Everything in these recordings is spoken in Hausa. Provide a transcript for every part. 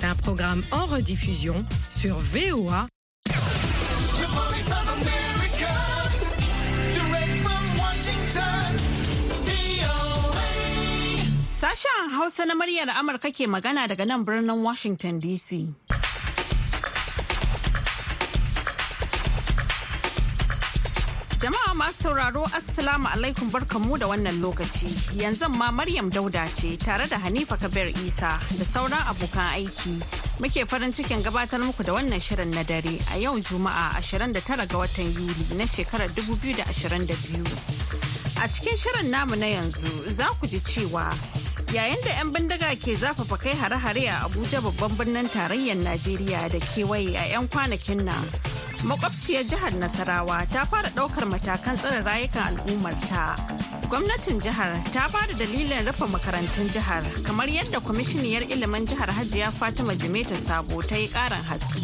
d'un programme en rediffusion sur VOA. Sacha, Hausa na muryar Amurka ke magana daga nan birnin Washington DC. sauraro Assalamu alaikum barkanmu da wannan lokaci. Yanzu ma Maryam Dauda ce tare da Hanifa Kabir Isa da sauran abokan aiki. Muke farin cikin gabatar muku da wannan shirin na dare a yau Juma'a 29 ga watan Yuli na shekarar 2022. A cikin shirin namu na yanzu za ku ji cewa yayin da 'yan bindiga ke zafafa kai hare-hare a Abuja babban birnin tarayyar Najeriya da kewaye a 'yan kwanakin nan. makwabciyar jihar Nasarawa ta fara ɗaukar matakan tsare rayukan al'ummarta. Gwamnatin jihar ta ba da dalilin rufe makarantun jihar kamar yadda kwamishiniyar ilimin jihar Hajiya Fatima Jimeta Sabo ta yi ƙarin haske.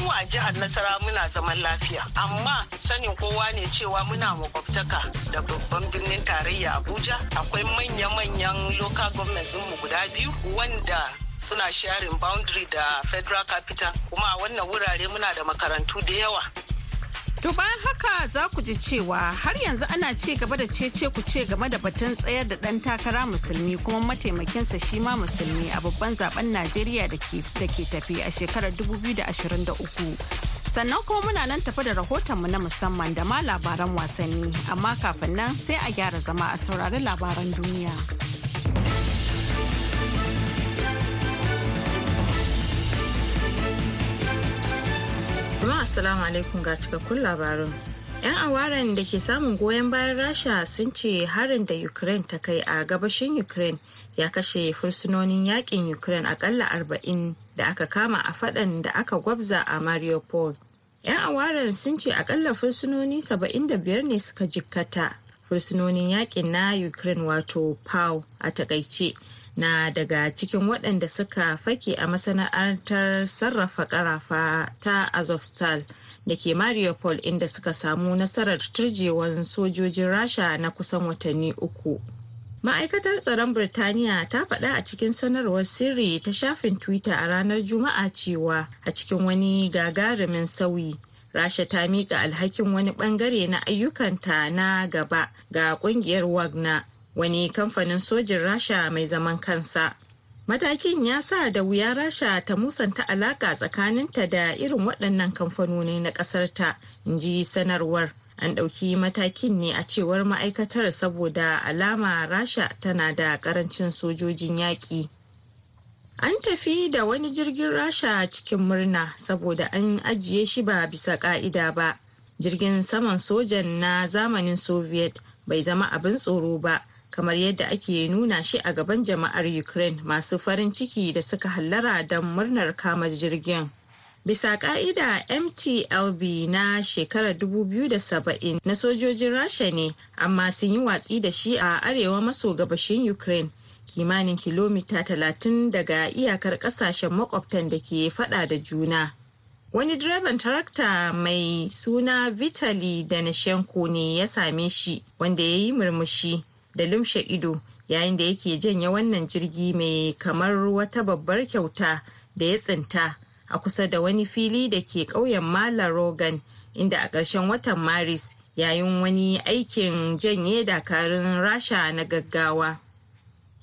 mu a jihar nasara muna zaman lafiya amma sanin kowa ne cewa muna makwabtaka da babban birnin tarayya abuja akwai manya-manyan local government mu guda biyu wanda suna sharing boundary da federal capital kuma a wannan wurare muna da makarantu da yawa To bayan haka za ku ji cewa har yanzu ana ci gaba da cece ku ce game da batun tsayar da ɗan takara musulmi kuma mataimakinsa shi ma musulmi a babban zaben Najeriya da ke tafi a shekarar 2023. Sannan kuma muna nan tafi da rahotonmu na musamman da ma labaran wasanni, amma kafin nan sai a gyara zama a saurari labaran duniya. kuma Assalamu alaikum ga cikakkun labarin. 'Yan awaren da ke samun goyon bayan Rasha sun ce harin da Ukraine ta kai a gabashin Ukraine ya kashe fursunonin yakin Ukraine akalla arba'in da aka kama a fadan da aka gwabza a Mariupol. 'Yan awaren sun ce akalla fursunoni biyar ne suka jikkata. Fursunonin yakin na Ukraine wato POW a takaice na daga cikin waɗanda suka fake a masana'antar sarrafa karafa ta azovstal da ke mariupol inda suka samu nasarar turjewan sojojin rasha na kusan watanni uku ma'aikatar tsaron birtaniya ta faɗa a cikin sanarwar sirri ta shafin twitter a ranar juma'a cewa a cikin wani gagarumin sauyi rasha ta miƙa alhakin wani ɓangare na ayyukanta na gaba ga ƙungiyar wagner wani kamfanin sojin rasha mai zaman kansa matakin ya sa da wuya rasha ta musanta alaka tsakaninta da irin waɗannan kamfanoni na ƙasarta in ji sanarwar an ɗauki matakin ne a cewar ma'aikatar saboda alama rasha tana da ƙarancin sojojin yaƙi an tafi da wani jirgin rasha cikin murna saboda an ajiye shi ba bisa ƙa'ida ba jirgin saman sojan na zamanin soviet bai zama abin tsoro ba kamar yadda ake nuna shi a gaban jama'ar ukraine masu farin ciki da suka hallara don murnar kamar jirgin bisa ka'ida mtlb na shekarar 2070 na sojojin rasha ne amma sun yi watsi da shi a arewa maso gabashin ukraine kimanin kilomita 30 daga iyakar kasashen makwabtan da ke fada da juna wani direban tarakta mai suna vitali da ne ya same shi wanda ya yi murmushi da lumshe ido yayin da yake janye wannan jirgi mai kamar wata babbar kyauta da ya tsinta a kusa da wani fili da ke ƙauyen mala rogan inda a ƙarshen watan maris yayin wani aikin janye dakarun rasha na gaggawa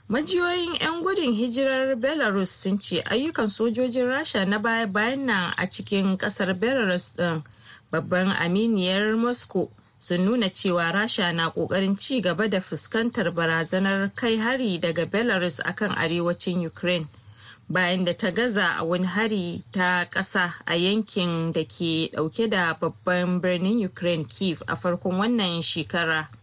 majiyoyin 'yan gudun hijirar belarus sun ce ayyukan sojojin rasha na baya-bayan nan a cikin kasar belarus din babban aminiyar moscow sun nuna cewa rasha na kokarin ci gaba da fuskantar barazanar kai hari daga belarus akan arewacin ukraine bayan da ta gaza a wani hari ta kasa a yankin da ke dauke da babban birnin ukraine kiev a farkon wannan shekara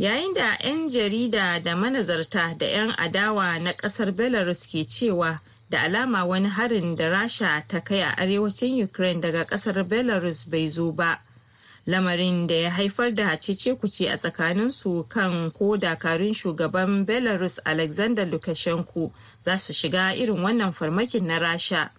yayin da 'yan jarida da manazarta da 'yan adawa na kasar belarus ke cewa da alama wani harin da rasha ta kai a arewacin ukraine daga kasar belarus bai zo ba lamarin da ya haifar da cece kuce a tsakanin su kan ko dakarun shugaban belarus alexander lukashenko za su shiga irin wannan farmakin na rasha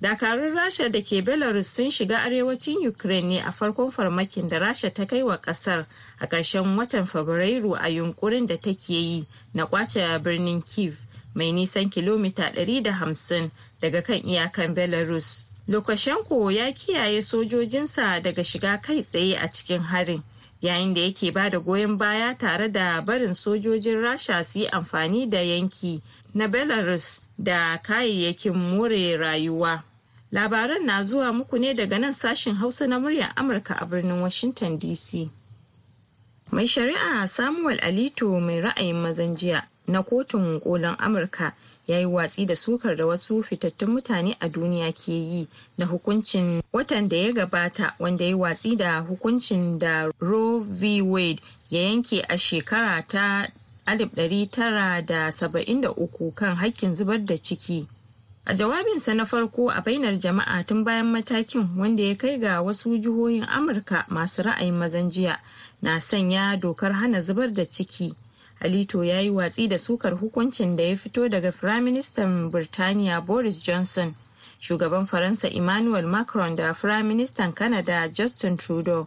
dakarun rasha da ke belarus sun shiga arewacin ukraine ne a farkon farmakin da rasha ta kai wa kasar a ƙarshen watan fabrairu a yunkurin da take yi na kwace birnin kiev mai nisan kilomita 150 daga kan iyakan belarus Lukashenko ya kiyaye sojojinsa daga shiga kai tsaye a cikin harin yayin da yake ba da goyon baya tare da barin sojojin rasha su yi amfani da yanki na belarus da kayayyakin more rayuwa labaran na zuwa muku ne daga nan sashen hausa na muryar amurka a birnin washington dc mai shari'a samuel alito mai ra'ayin mazan jiya na kotun kolon amurka ya yi watsi da sukar da wasu fitattun mutane a duniya ke yi na hukuncin watan da ya gabata wanda ya yi watsi da hukuncin da roe v wade ya yanke a shekara ta 1973 kan hakkin zubar da ciki a jawabinsa na farko a bainar jama'a tun bayan matakin wanda ya kai ga wasu jihohin amurka masu ra'ayin mazan jiya na sanya dokar hana zubar da ciki alito ya yi watsi da sukar hukuncin da ya fito daga firaministan birtaniya boris johnson shugaban faransa emmanuel macron da firaministan canada justin trudeau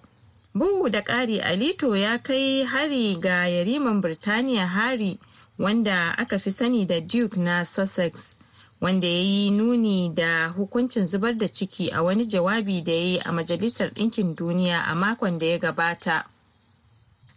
bugu da ƙari alito ya kai hari ga yariman birtaniya hari wanda aka fi sani da duke na sussex wanda ya yi nuni da hukuncin zubar da ciki a wani jawabi da ya yi a majalisar ɗinkin duniya a makon da ya gabata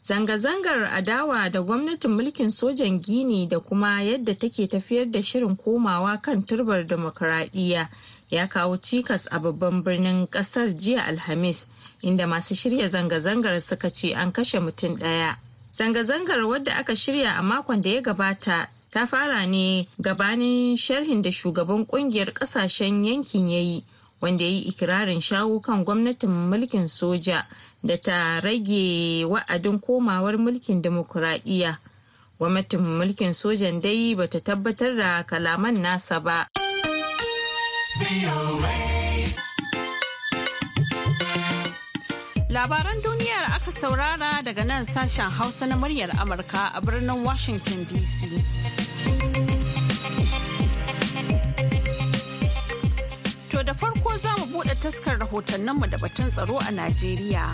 Zanga-zangar adawa da gwamnatin mulkin sojan Gini da kuma yadda take tafiyar da shirin komawa kan turbar demokuraɗiyya ya kawo cikas a babban birnin ƙasar jiya Alhamis, inda masu shirya zanga-zangar suka ce an kashe mutum ɗaya. Zanga-zangar wadda aka shirya a makon da ya gabata ta fara ne gabanin sharhin da shugaban kungiyar kasashen yankin ya yi wanda ya yi ikirarin shawo kan gwamnatin mulkin soja da ta rage wa'adin komawar mulkin demokuraɗiyya. Gwamnatin mulkin sojan dai ba ta tabbatar da kalaman nasa ba. Labaran duniyar aka saurara daga nan sashen Hausa na muryar Amurka a birnin Washington DC. buɗe taskar rahotanninmu da batun tsaro a Najeriya.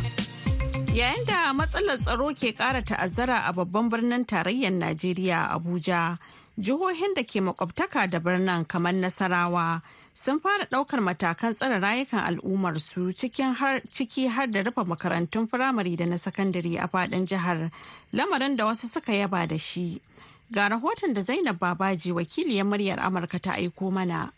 Yayin da matsalar tsaro ke ƙara ta'azzara a babban birnin tarayyar Najeriya Abuja, jihohin da ke makwabtaka da birnin kamar Nasarawa sun fara ɗaukar matakan tsare rayukan al'ummarsu ciki har da rufe makarantun firamare da na sakandare a faɗin jihar, lamarin da wasu suka yaba da shi. Ga rahoton da Zainab Babaji wakiliyar muryar Amurka ta aiko mana.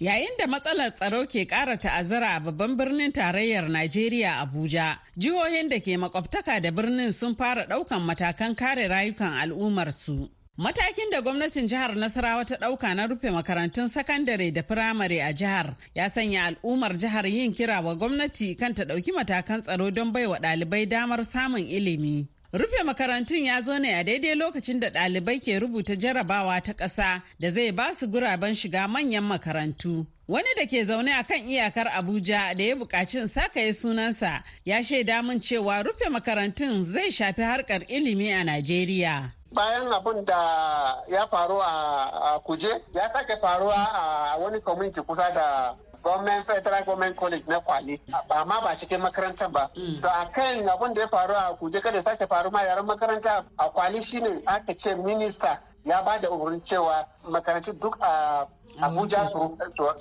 Yayin da matsalar tsaro ke ƙara ta'azzara a babban birnin tarayyar Najeriya Abuja, jihohin da ke makwabtaka da birnin sun fara ɗaukan matakan kare rayukan al'ummarsu. Matakin da gwamnatin jihar Nasarawa ta ɗauka na rufe makarantun sakandare da firamare a jihar ya sanya al'ummar jihar yin kira wa gwamnati kan ta ɗauki matakan tsaro don baiwa ɗalibai damar samun ilimi. Rufe makarantun ya zo ne a daidai lokacin da ɗalibai ke rubuta jarabawa ta ƙasa da zai ba su guraben shiga manyan makarantu. Wani da ke zaune a kan iyakar Abuja da ya buƙaci sakaye sunansa ya shaida min cewa rufe makarantun zai shafi harkar ilimi a Najeriya. bayan abin da ya faru a kuje ya sake faruwa a wani kusa da government federal government college na kwale ma ba cikin makarantar ba mm. to akan abin da ya faru a kuje kada sake faru ma yaran makaranta a kwale shine aka ce minista ya ba da umarnin cewa makarantu duk a abuja su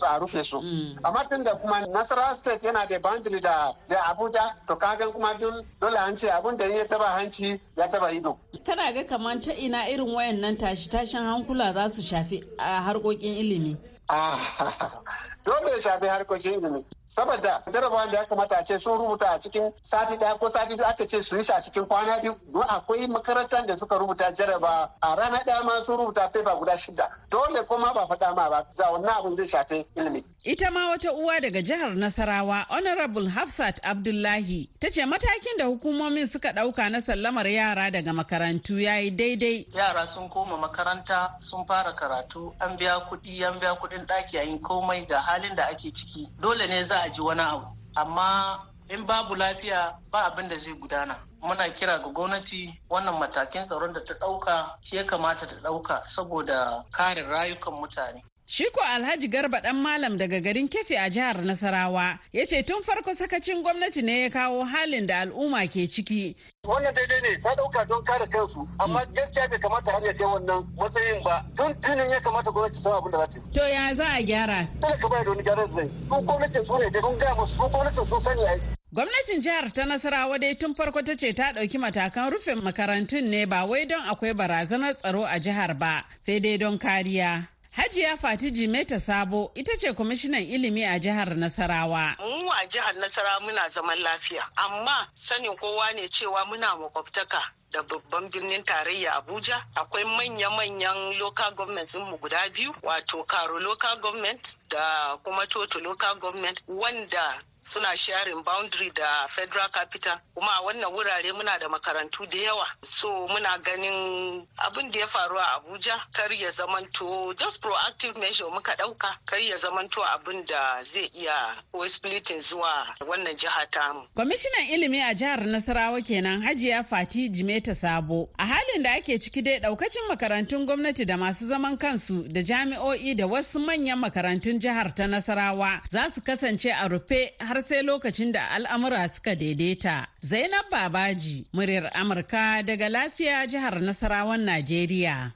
a rufe su mm. amma tun da kuma nasarawa state yana da boundary da abuja to kagan kuma dole hanci abin da ya taba hanci ya taba ido kana ga kamar ta ina irin wayannan tashi tashin hankula za su shafi a harkokin ilimi dole ya shafi harkokin ilimi saboda jarabawan da ya kamata a ce sun rubuta a cikin sati ɗaya ko sati biyu aka ce su yi shi a cikin kwana biyu don akwai makarantar da suka rubuta jaraba a rana daya ma sun rubuta fefa guda shida dole kuma ba faɗa ma ba za wannan abun zai shafi ilimi. ita ma wata uwa daga jihar nasarawa honorable hafsat abdullahi ta ce matakin da hukumomin suka ɗauka na sallamar yara daga makarantu ya yi daidai. yara sun koma makaranta sun fara karatu an biya kuɗi an biya kuɗin ɗaki a yin komai ga halin da ake ciki dole ne za a ji wani abu amma in babu lafiya ba abin da zai gudana muna kira ga gwamnati wannan matakin tsaron da ta ɗauka shi ya kamata ta ɗauka saboda kare rayukan mutane Shiko Alhaji Garba ɗan Malam daga garin Kefi a jihar Nasarawa ya ce tun farko sakacin gwamnati ne ya kawo halin da al'umma ke ciki. Wannan daidai ne ta ɗauka don kare kansu amma gaskiya bai kamata har ya kai wannan matsayin ba tun tunin ya kamata gwamnati san abin da za ta yi. To ya za a gyara? Dole ka bayar da wani gyaran zai. Ko gwamnatin su ne da sun gaya musu ko gwamnatin sun sani a Gwamnatin jihar ta Nasarawa dai tun farko ta ce ta ɗauki matakan rufe makarantun ne ba wai don akwai barazanar tsaro a jihar ba sai dai don kariya. Hajiya Fati Jimeta Sabo ita ce kwamishinan ilimi a jihar Nasarawa. Mu a jihar Nasarawa muna zaman lafiya, amma sanin kowa ne cewa muna makwabtaka da babban birnin tarayya Abuja akwai manya-manyan local government mu guda biyu wato Karo local government da kuma Toto local government wanda suna sharing boundary da federal capital kuma a wannan wurare muna da makarantu da yawa so muna ganin abin da ya faru a abuja kar ya zamanto just proactive measure muka dauka kar ya zamanto abin da zai iya ko splitting zuwa wannan jiha mu kwamishinan ilimi a jihar nasarawa kenan hajiya fati jimeta sabo a halin da ake ciki dai daukacin makarantun gwamnati da masu zaman kansu da jami'o'i da wasu manyan makarantun jihar ta nasarawa za su kasance a rufe har har sai lokacin da al'amura suka daidaita. Zainab Babaji, muryar Amurka daga lafiya jihar Nasarawan Najeriya.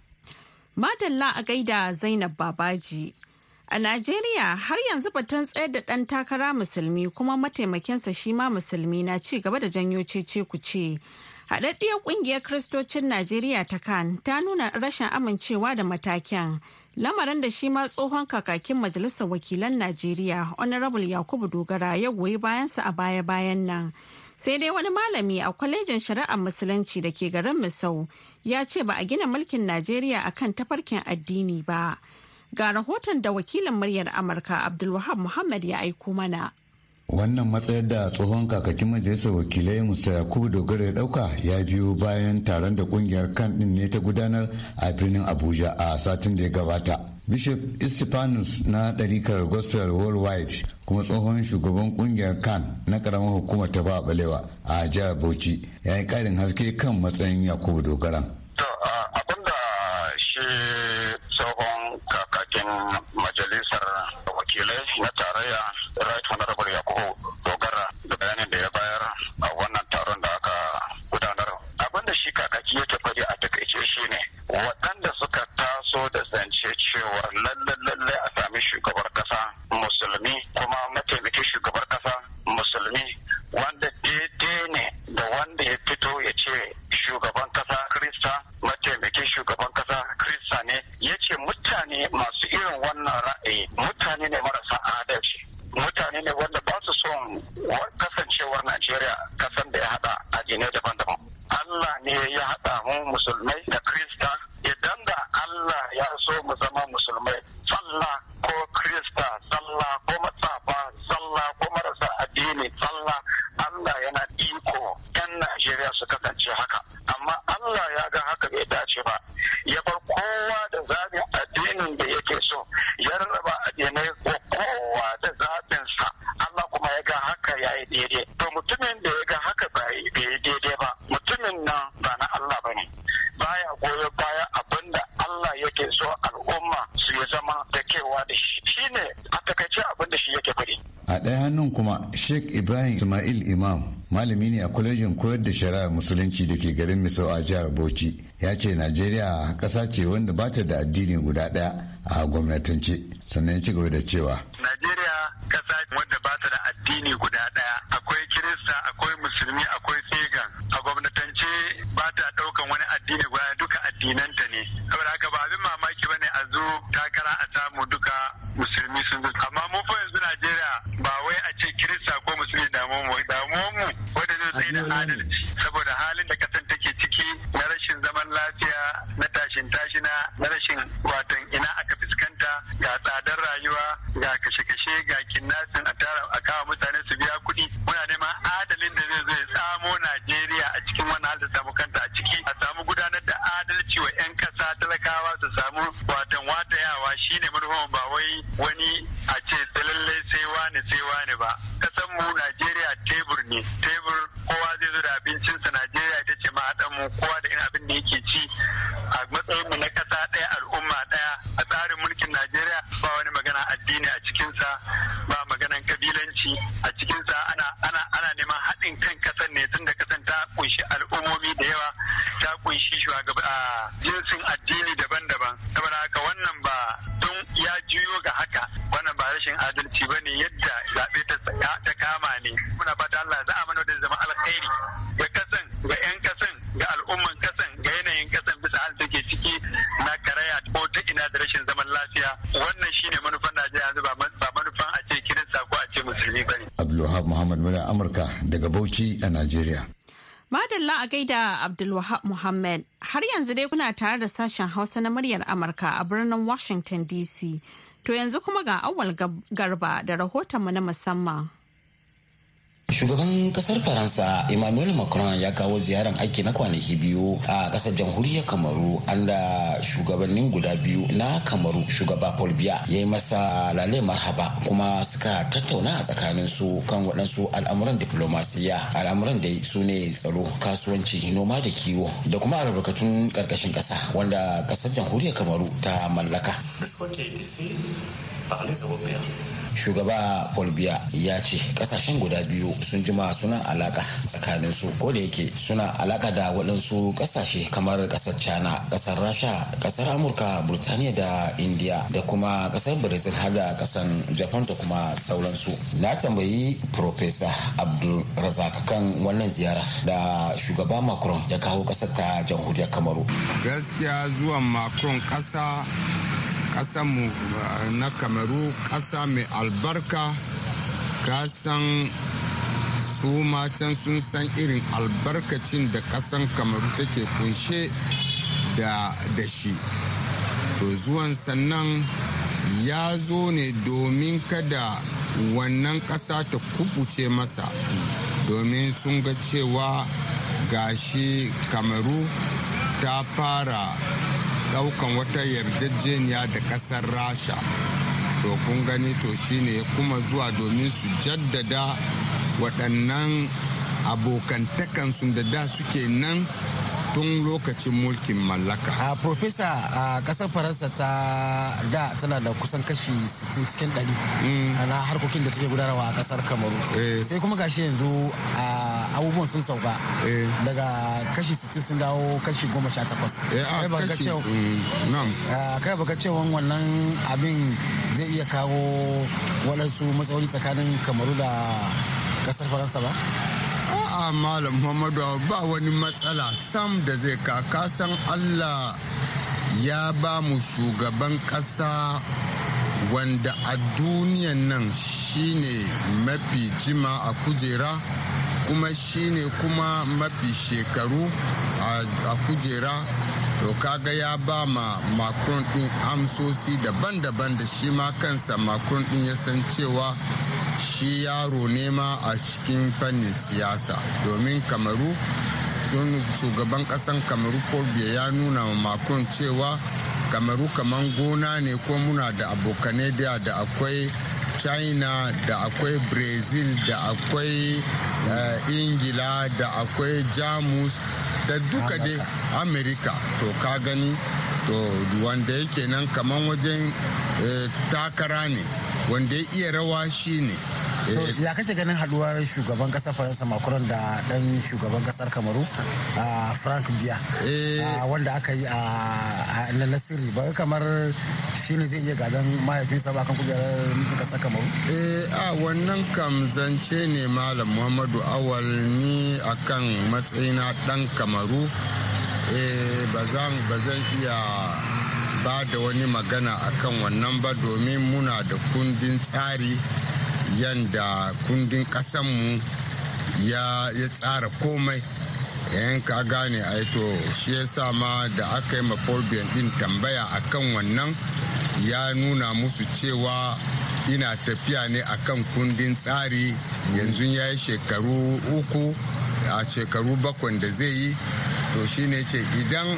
Madalla a gaida Zainab Babaji. A Najeriya har yanzu batun tsayar da ɗan takara musulmi kuma mataimakinsa shi ma musulmi na ci gaba da janyo cece ce. Haɗaɗɗiyar ƙungiyar Kiristocin Najeriya ta kan ta nuna rashin amincewa da matakin. lamarin da shi ma tsohon kakakin majalisar wakilan najeriya honorable yakubu dogara ya goyi bayansa a baya-bayan nan sai dai wani malami a kwalejin shari'ar musulunci da ke garin misau ya ce ba a gina mulkin najeriya a kan tafarkin addini ba ga rahoton da wakilin muryar amurka abdulwahab muhammad ya aiko mana wannan matsayar da tsohon kakakin majalisar wakilai musa yakubu dogara ya dauka ya biyo bayan taron da kungiyar kan din ne ta gudanar a birnin abuja a satin da ya gabata bishop istifanus na ɗarikar gospel worldwide kuma tsohon shugaban kungiyar kan na karamar hukumar ta ba balewa a jihar bauchi ya yi ƙarin haske kan matsayin yakubu dogaran shi tsohon kakakin majalisar wakilai na tarayya su kasance haka amma Allah ya ga haka bai dace ba Ismail Imam malami ne a kwalejin koyar da shari'ar musulunci da ke garin Misau a jihar Bauchi ya ce Najeriya ƙasa ce wanda ba ta da addini guda ɗaya a gwamnatance sannan ya ci gaba da cewa adalci saboda halin da kasan take ciki na rashin zaman lafiya na tashin tashina na juyo ga haka wannan ba rashin adalci ba ne yadda zaɓe ta kama ne muna fata Allah za a mana da zama alkhairi ga kasan ga 'yan kasan ga al'umman kasan ga yanayin kasan bisa hal take ciki na karaya ko ta ina da rashin zaman lafiya wannan shine manufan Najeriya yanzu ba manufan a ce kirista ko a ce musulmi bane Abdulwahab Muhammad muna Amurka daga Bauchi a Najeriya. Madalla a gaida Abdulwahab Muhammad. har yanzu dai kuna tare da sashen Hausa na muryar Amurka a birnin Washington DC. To yanzu kuma ga awal garba da rahotonmu na musamman. Shugaban kasar Faransa Emmanuel Macron ya kawo ziyaran aiki na kwanaki biyu a kasar jamhuriyar Kamaru anda shugabannin guda biyu na Kamaru shugaba Paul Biya ya yi masa lale marhaba kuma suka tattauna a tsakanin su kan waɗansu al'amuran diplomasiya al'amuran da su ne tsaro kasuwanci noma da kiwo da kuma albarkatun karkashin ƙasa wanda kasar jamhuriyar Kamaru ta mallaka. par Européens. shugaba polbia ya ce kasashen guda biyu sun jima suna alaka tsakanin su ko da yake suna alaka da waɗansu kasashe kamar ƙasar china ƙasar rasha ƙasar amurka burtaniya da india da kuma ƙasar brazil har da ƙasar japan da kuma sauransu na tambayi profesa abdul razak kan wannan ziyara da shugaba macron ya kawo ƙasar ta jamhuriyar kamaru gaskiya zuwan macron ƙasa mu eh, na kamaru ƙasa mai albarka kasan su matan sun san irin albarkacin da ƙasan kamaru take kunshe da da shi to zuwan sannan ya zo ne domin kada wannan ƙasa ta kubuce masa domin sun ga cewa gashi kamaru ta fara daukan wata yarjejeniya da kasar rasha to kun gani to shine ya kuma zuwa domin su jaddada waɗannan abokantakansu da da suke nan tun lokacin mulkin mallaka. A Profesa a kasar Faransa ta da tana da kusan kashi 60 cikin 100 mm. na harkokin da take gudanarwa a kasar Kamaru. Eh. Sai kuma gashi yanzu abubuwan sun sauka eh. daga kashi 60 sun dawo kashi 18. Eh, kai baka cewa mm, wannan abin zai iya kawo waɗansu matsaloli tsakanin Kamaru da kasar Faransa ba? a malam muhammadu ba wani matsala sam da zai kaka san allah ya ba mu shugaban ƙasa wanda a duniyan nan shine mafi jima a kujera kuma shine kuma mafi shekaru a kujera to kaga ya ba ma din amsosi daban-daban da shi ma kansa macron din ya san cewa shi yaro nema a cikin fannin siyasa domin kamaru don shugaban kasan kamaru kobe ya nuna makon cewa kamaru kaman gona ne ko muna da abokanai da da akwai china da akwai brazil da akwai eh, ingila da akwai jamus da duka dai amerika to ka gani to wanda yake nan kaman wajen eh, takara ne wanda ya iya rawa shi ne Eh. ya kake ganin haduwar shugaban kasar faransa macron da dan shugaban kasar kamaru frank biya eh. wanda aka yi a nasiri ba kamar shi ne zai iya gadon mahaifinsa ba kan kujerar mutu kasar kamaru eh, a wannan kam zance ne malam muhammadu awal ni kan matsayina dan kamaru ba zan iya ba da wani magana akan wannan ba domin muna da kundin tsari yadda kundin ƙasanmu ya tsara komai yan ka gane aito shi yasa ma da aka yi mafobiyan din tambaya a kan wannan ya nuna musu cewa ina tafiya ne akan kundin tsari yanzu ya yi shekaru uku a shekaru bakwai da zai yi to shine ce idan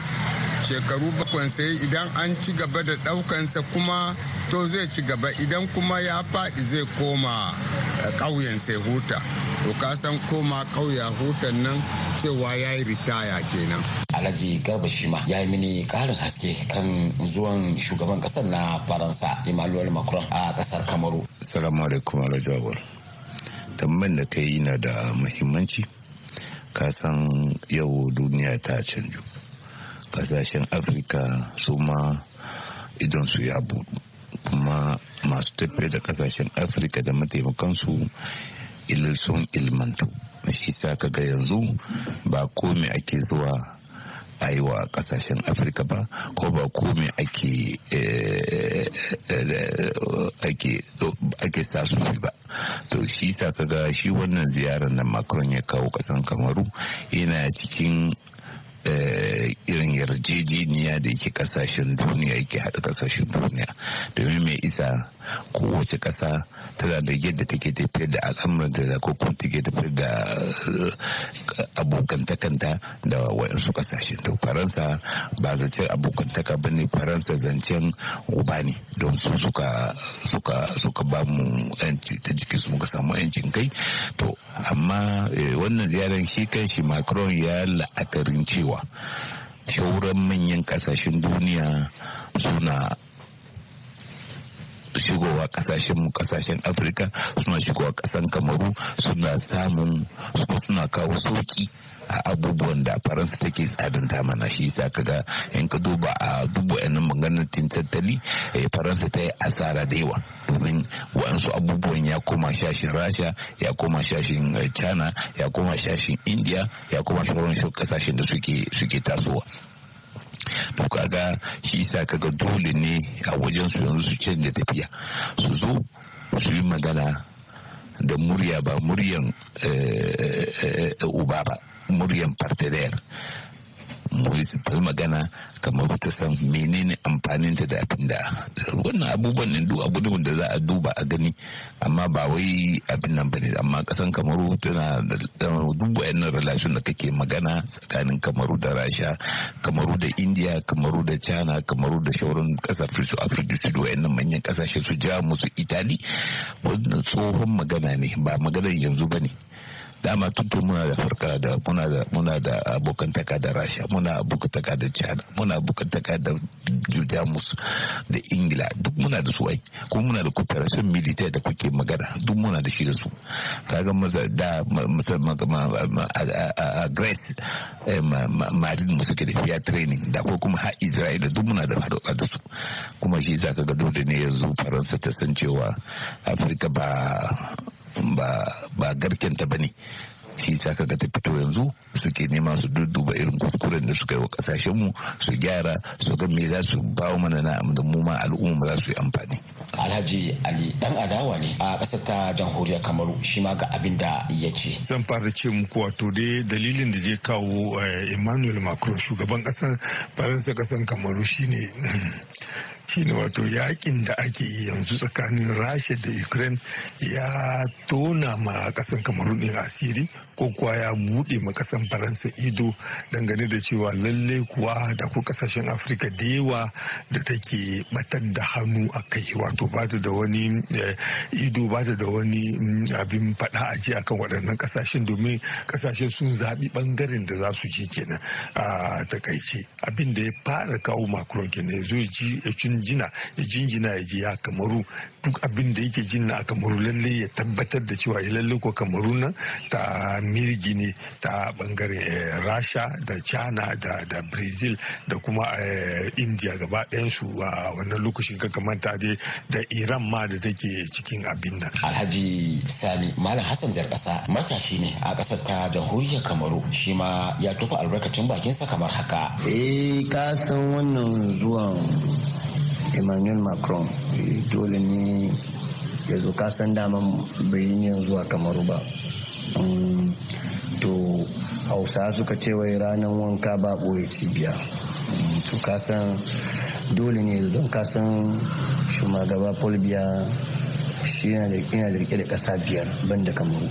shekaru bakwai sai idan an ci gaba da ɗaukansa kuma to zai ci gaba idan kuma ya faɗi zai koma eh, ƙauyen sai huta to ka san koma ƙauya hutan nan cewa ya yi ritaya kenan. Alhaji Garba Shima ya yi mini ƙarin haske kan zuwan shugaban ƙasar na Faransa Emmanuel Macron a ƙasar Kamaru. Salamu alaikum alajawar Awal. da kai yi na da muhimmanci, kasan yau duniya ta canju. kasashen afirka su ma idon su ya budu kuma masu tafiya da kasashen afirka da mataimakansu sun ilmantu shi sa kaga yanzu ba komai ake zuwa a yi wa kasashen afirka ba ko ba komai eh, eh, eh, ake ake sa su ba to shi sa kaga shi wannan ziyarar da macron ya kawo kasan kamaru yana cikin Eh, irin yarjejeniya da yake kasashen duniya yake haɗa kasashen duniya domin mai isa kowace ƙasa tana da yadda take tafiyar da al'amuran da ko kuma take tafiyar da eh, abokantakanta da waɗansu ƙasashe to faransa ba zancen abokantaka ba ne faransa zancen uba ne don su suka suka suka ba mu yanci ta jiki su muka samu yancin kai to amma eh, wannan ziyarar shi kan shi macron ya la'akarin cewa shauran manyan kasashen duniya suna shigowa kasashen mu kasashen afirka suna shigowa kasan kamaru suna samun suna kawo sauki a abubuwan da faransa take tsadanta mana shi sa kaga in ka duba a dubu yanin maganar tin tattali eh, faransa ta yi asara da yawa domin wa'ansu abubuwan ya koma shashin rasha ya koma shashin eh, china ya koma shashin india ya koma shauran kasashen da suke tasowa to kaga shi isa kaga dole ne a wajen su yanzu su canza tafiya su zo su yi magana da murya ba muryan eh, eh, eh, uba ba muryan partidayar ta magana kamar ta san menene amfanin ta da abin da wannan abubuwan nan duk abu da za a duba a gani amma ba wai abin nan bane amma kasan kamaru tana da duk wayannan relation da kake magana tsakanin kamaru da rasha kamaru da india kamaru da china kamaru da shauran kasar su afirka su wayannan manyan kasashe su ja musu itali wannan tsohon magana ne ba maganar yanzu bane dama tuntun muna da farka da muna da muna da abokantaka da rasha muna abokantaka da china muna abokantaka da jamus da ingila duk muna da su ai ko muna da cooperation militaire da kuke magana duk muna da shi da su kaga maza da a grace eh, marin mu suke da fiya training da ko kuma har isra'ila duk muna da faruwa da su kuma shi zaka ga dole ne yanzu faransa ta san cewa afirka ba din ba ba garkenta bane shi sa kaga ta fito yanzu suke nema su dudduba irin kuskuren da suka yi wa kasashen mu su gyara su ga me za su ba mana na da mu ma al'umma ba za su yi amfani Alhaji Ali dan adawa ne a ƙasar ta jamhuriyar Kamaru shi ma ga abin da ya ce zan fara ce muku wato dai dalilin da zai kawo eh, Emmanuel Macron shugaban ƙasar Faransa ƙasar Kamaru shine shine wato yakin da ake yi yanzu tsakanin rasha da ukraine ya tona ma kasan kamaru ne asiri ko kuwa ya buɗe ma ƙasan faransa ido dangane da cewa lalle kuwa da ku ƙasashen afirka da yawa da take batar da hannu a kai wato ba da wani eh, ido ba da wani mm, abin faɗa a ji akan waɗannan ƙasashen domin ƙasashen sun zaɓi ɓangaren da za su ji kenan a takaice abin da ya fara kawo macron kenan ya zo ya ji ya jin ya ya ji ya kamaru duk abin da yake jinna a kamaru lalle ya tabbatar da cewa ya lalle ko kamaru nan ta mirgini ta bangare eh, rasha da china da brazil da kuma eh, india gaba su a wannan lokacin kamanta dai da iran ma da take cikin abin nan alhaji sani malam hassan jar kasa matashi ne a kasar ta jamhuriyar kamaru shi ma ya tufa albarkacin bakinsa kamar haka eh kasan wannan zuwan emmanuel macron eh, dole ne ya zo kasan daman bai zuwa kamaru ba Mm, to hausa suka ce wai ranar wanka ba ɓoye cibiya mm, to kasan dole ne don kasan shugaba polbiya shi yana da rike da ƙasa biyar ban da kamaru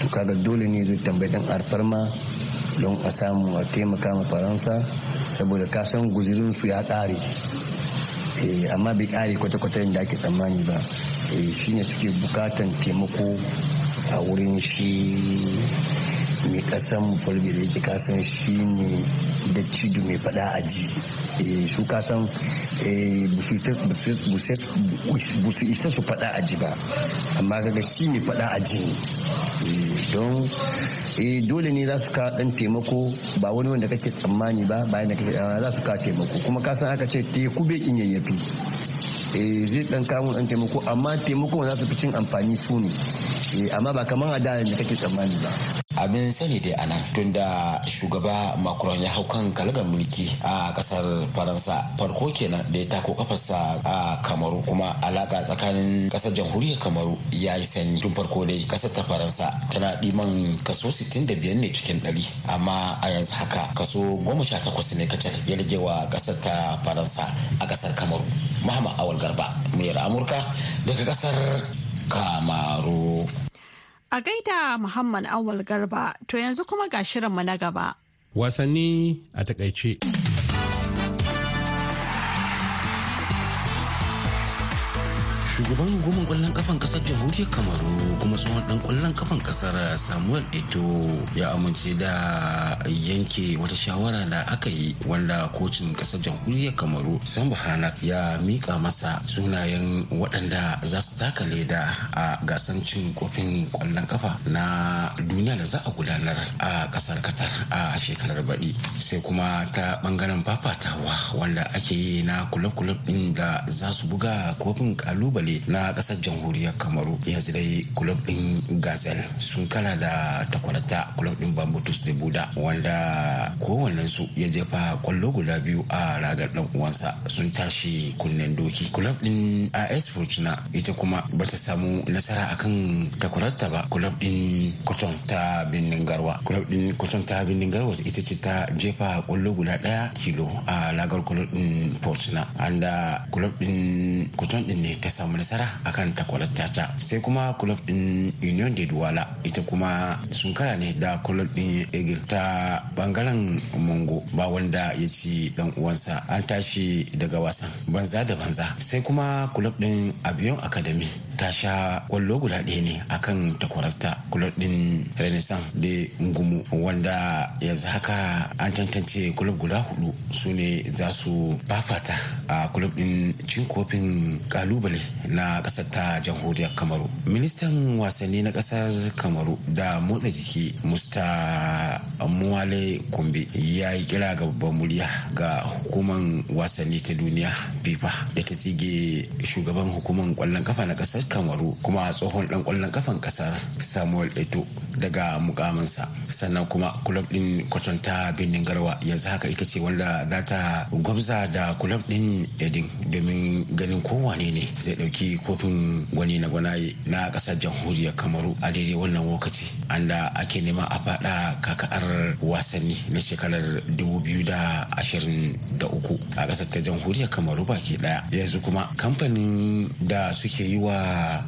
to kaga dole ne zai tambayi arfar alfarma don a samu a taimaka ma faransa saboda kasan guzirinsu ya ƙare eh, amma bai ƙare kwata-kwata da ake tsammani ba eh, shine suke bukatan taimako a wurin shi mai kasan fulbe da yake kasan shi ne da cidu mai fada a ji eh, su kasan eh, busu isa su fada a ji ba amma kaga shi mai fada a ji eh, don dole ne za su ka dan taimako ba wani wanda kake tsammani ba bayan da kake za su ka taimako kuma kasan aka ce teku bai kin yayyafi Eh, zai dan kawo dan taimako amma taimako za su fi cin amfani su ne eh, amma ba kamar a da da kake tsammani ba abin sani dai a nan tun da shugaba macron ya hau kan kalagar mulki a kasar faransa farko kenan da ya tako kafarsa a kamaru kuma alaka tsakanin kasar jamhuriyar kamaru ya yi sanyi tun farko dai kasar ta faransa tana diman kaso 65 ne cikin 100 amma a yanzu haka kaso 18 ne kacal ya rage wa kasar ta faransa a kasar kamaru muhammad awal Garba, muryar Amurka daga kasar Kamaru. A gaida Muhammad Awal Garba, to yanzu kuma ga shirinmu na gaba. Wasanni a takaice. shugaban hukumar kwallon kafan kasar jamhuriyar kamaru kuma tsohon dan kwallon kafan kasar samuel eto ya amince da yanke wata shawara da aka yi wanda kocin kasar jamhuriyar kamaru sun hanak ya mika masa sunayen waɗanda za su taka leda a gasan cin kofin kwallon kafa na duniya da za a gudanar a kasar katar a shekarar baɗi sai kuma ta ɓangaren fafatawa wanda ake yi na kulab-kulab ɗin da za su buga kofin ƙalubale gobe na kasar jamhuriyar kamaru yanzu dai kulob din gazel sun kana da takwarata kulob din bambutus da buda wanda kowannen su ya jefa kwallo guda biyu a ragar dan uwansa sun tashi kunnen doki kulob din as fortuna ita kuma bata samu nasara akan takwalata ba kulob din koton ta birnin garwa kulob din koton ta birnin garwa ita ce ta jefa kwallo guda ɗaya kilo a ragar kulob din fortuna anda kulob din koton din ne ta samu samu nasara akan takwarar tata sai kuma kulob din union de duwala ita kuma sun kara ne da kulob din egil ta bangaren mongo ba wanda ya ci dan uwansa an tashi daga wasan banza da banza sai kuma club din avion academy ta sha kwallo guda ɗaya ne akan takwararta kulob din renaissance de ngumu wanda yanzu haka an tantance club guda hudu su ne za su bafata a kulub din cin kofin kalubale na kasar ta jamhuriyar kamaru ministan wasanni na kasar kamaru da motsa jiki musta muwale kumbe ya yi kira ga babban murya ga hukuman wasanni ta duniya fifa da ta tsige shugaban hukuman kwallon kafa na kasar kamaru kuma tsohon dan kwallon kafan kasar samuel eto daga mukamansa. sannan kuma kulub din kwatanta birnin garwa yanzu haka ita ce wanda za ta gwabza da kulub din edin domin ganin kowane ne zai dauki kofin gwani na gwanaye na kasar jamhuriya kamaru a daidai wannan lokaci an da ake nema a fada kaka'ar wasanni na shekarar 2023 a kasar ta jamhuriyar kamaru baki daya yanzu kuma kamfanin da suke yi wa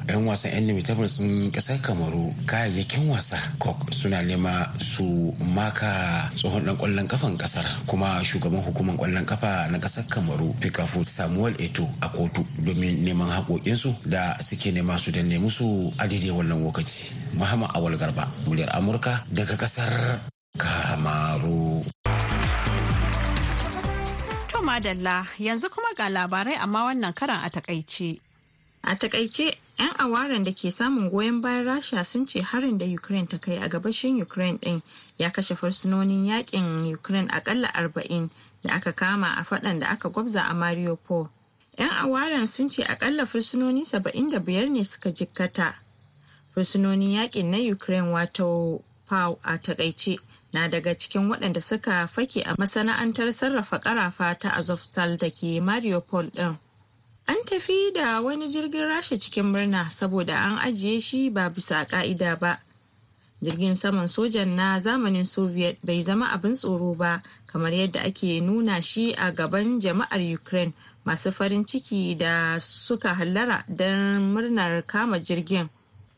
'yan wasan 'yan limitabar sun kasar kamaru kayayyakin wasa kok suna nema su maka tsohon dan kwallon kafan kasar kuma shugaban hukumar kwallon kafa na kasar kamaru fika kafu samuel eto a kotu domin neman haƙoƙinsu da suke nema su danne musu a daidai wannan lokaci muhammad awal garba muryar amurka daga ƙasar kamaru to madalla yanzu kuma ga labarai amma wannan karan a takaice a takaice 'yan awaren da ke samun goyon bayan rasha sun ce harin da ukraine ta kai a gabashin ukraine din ya kashe fursunonin yakin ukraine akalla arba'in da aka kama a faɗan da aka gwabza a mariupol 'yan awaren sun ce akalla fursunoni saba'in da biyar ne suka jikkata fursunonin yakin na ukraine wato pow a takaice na daga cikin waɗanda suka fake a masana'antar sarrafa karafa ta azovstal da ke mariupol ɗin an tafi da wani jirgin rasha cikin murna saboda an ajiye shi ba bisa ƙa'ida ba jirgin saman sojan na zamanin soviet bai zama abin tsoro ba kamar yadda ake nuna shi a gaban jama'ar ukraine masu farin ciki da suka hallara don murnar kama jirgin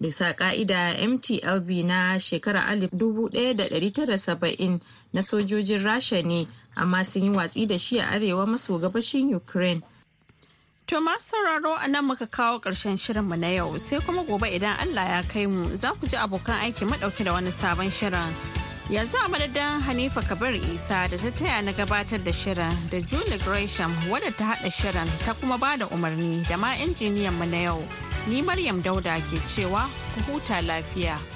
bisa ka'ida mtlb na shekara 1970 na sojojin rasha ne amma sun yi watsi da shi a arewa maso gabashin ukraine To ma sauraro a nan muka kawo ƙarshen shirinmu na yau sai kuma gobe idan Allah ya kai mu za ku ji abokan aiki maɗauke da wani sabon shirin. Yanzu a madadin Hanifa Kabir Isa da ta taya na gabatar da shirin da Julie Gresham wadda ta haɗa shirin ta kuma ba da umarni da ma injiniyanmu na yau. Ni Maryam Dauda ke cewa ku huta lafiya.